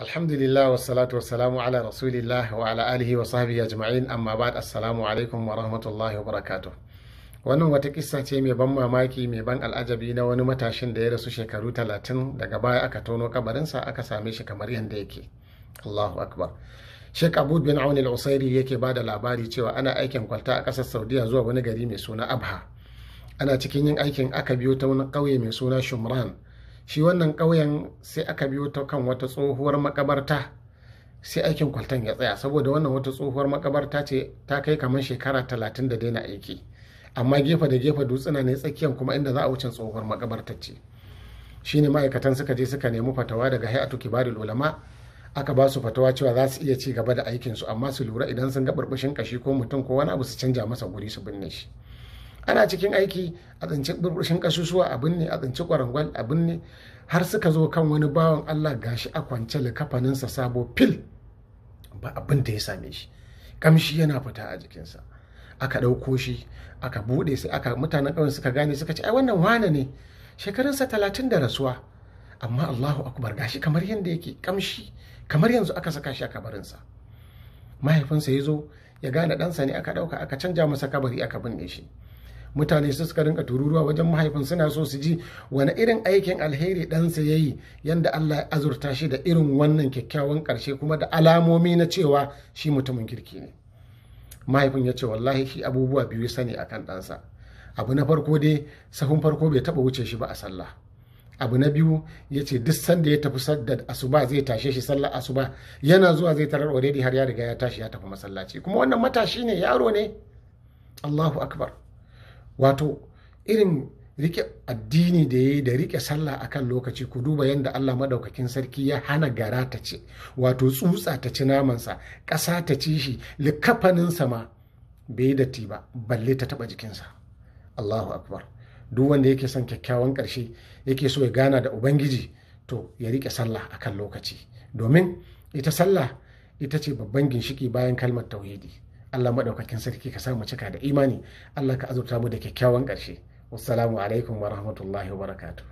alhamdulillah wassalatu wassalamu ala rasulillah wa ala alihi wa sahbihi ajma'in amma ba'd assalamu alaikum wa rahmatullahi wa barakatuh wannan wata kissa ce mai ban mamaki mai ban al'ajabi na wani matashin da ya rasu shekaru talatin daga baya aka tono kabarinsa aka same shi kamar yadda yake allahu akbar Sheikh Abu bin Aun al-Usairi yake ba da labari cewa ana aikin kwalta a ƙasar Saudiya zuwa wani gari mai suna Abha. Ana cikin yin aikin aka biyo ta wani ƙauye mai suna Shumran shi wannan ƙauyen sai aka biyo ta kan wata tsohuwar makabarta sai aikin kwaltan ya tsaya saboda wannan wata tsohuwar makabarta ce ta kai kamar shekara talatin da daina aiki amma gefe da gefe dutsuna ne tsakiyan kuma inda za a wuce tsohuwar makabartar ce Shi ne ma'aikatan suka je suka nemi fatawa daga hay'atu kibarul ulama aka ba su fatawa cewa za su iya ci gaba da aikinsu amma su lura idan sun ga burbushin kashi ko mutum ko wani abu su canja masa guri su binne shi ana cikin aiki a tsince burbushin kasusuwa a binne a tsince kwarangwal a binne har suka zo kan wani bawan Allah gashi a kwance likafaninsa sabo fil ba abin da ya same shi kamshi yana fita a jikinsa aka ɗauko shi aka buɗe su aka mutanen ƙauyen suka gane suka ce ai wannan wane ne shekarunsa talatin da rasuwa amma Allahu akbar gashi kamar yadda yake kamshi kamar yanzu aka saka shi a kabarinsa mahaifinsa ya zo ya gane ɗansa ne aka ɗauka aka canja masa kabari aka binne shi mutane su suka rinka tururuwa wajen mahaifin suna so su ji wani irin aikin alheri ɗansa ya yi yadda Allah ya azurta shi da irin wannan kyakkyawan ƙarshe kuma da alamomi na cewa shi mutumin kirki ne mahaifin ya ce wallahi shi abubuwa biyu sani a kan ɗansa abu na farko dai sahun farko bai taɓa wuce shi ba a sallah abu na biyu ya ce duk sanda ya tafi sadda asuba zai tashe shi sallah asuba yana zuwa zai tarar already har ya riga ya tashi ya tafi masallaci kuma wannan matashi ne yaro ne Allahu akbar wato irin rike addini da ya yi da rike sallah akan lokaci ku duba yadda Allah madaukakin sarki ya hana gara ta ce wato tsutsa ta ci namansa ƙasa ta ci shi likafaninsa ma bai datti ba balle ta taba jikinsa Allahu akbar duk wanda yake son kyakkyawan ƙarshe yake so ya gana da ubangiji to ya rike sallah akan lokaci domin ita sallah ita ce babban ginshiki bayan kalmar tauhidi Allah maɗaukakin sarki ka samu cika da imani Allah ka azurta mu da kyakkyawan ƙarshe wassalamu alaikum wa rahmatullahi wa barakatu.